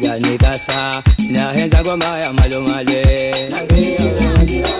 Ganikasa, na henza kwa maya malumale Nangira, nangira, nangira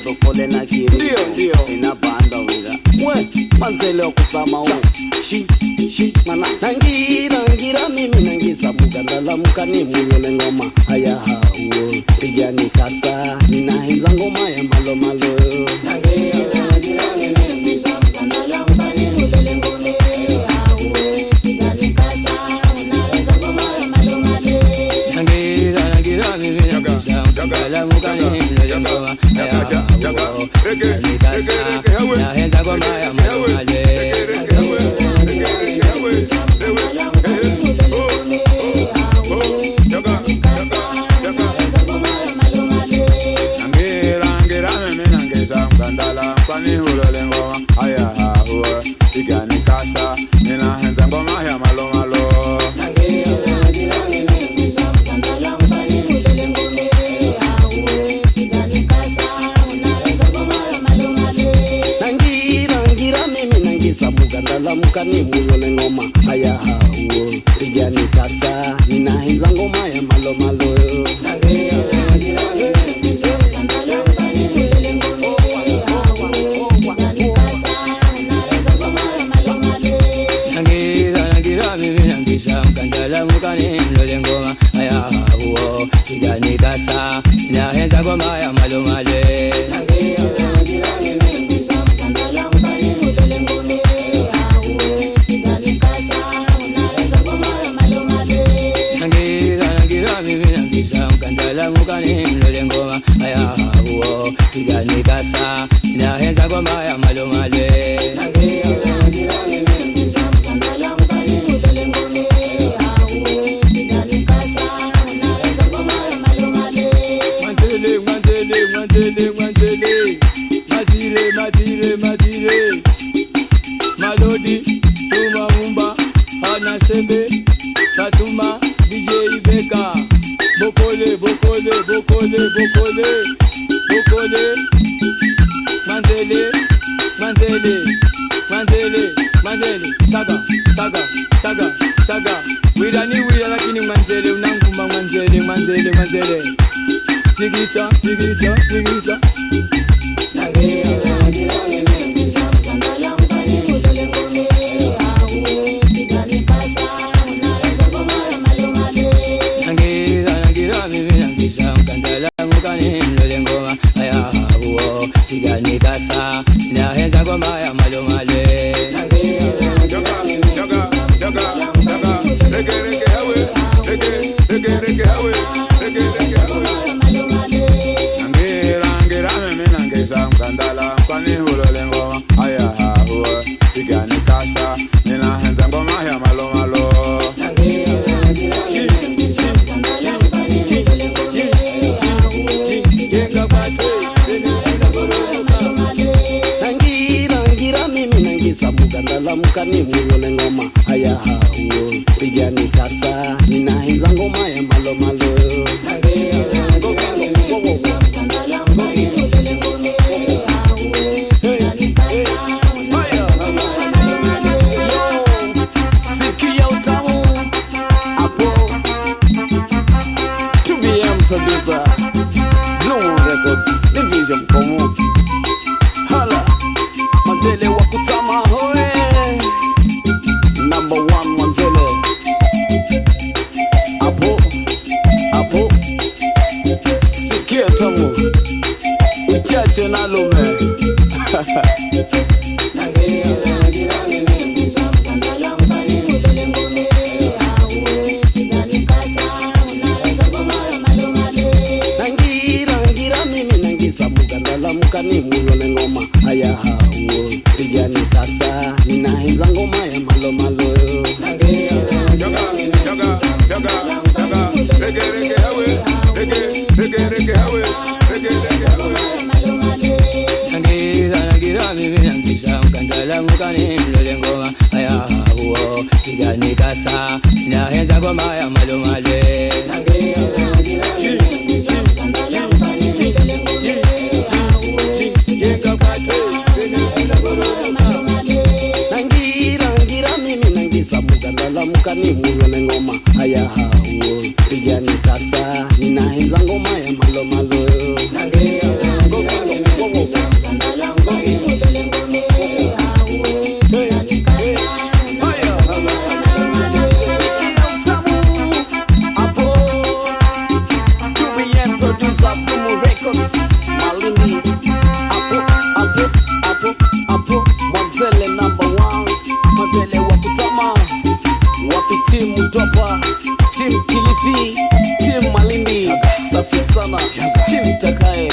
ezofolela kiriinabanda wila we manzele okuzama u shi shi mana nangira ngira mimi nangizamuka ndalamuka nihuyo lengoma ayahaa ugadalamka ni huyone ngoma aya hauo ijani tasa ninahenza ngoma ya malomalo ngoma ya malomale Boko le boko. boco de boco nisabuga ndalamuka nivuyole ngoma ayaha pigani kasa ninahiza ngoma ya malomalo Producer, Blue Records, Division Komuki. wasanii huyo ni ngoma ayaha timu Kilifi, timu Malindi, safi sana, timu takayo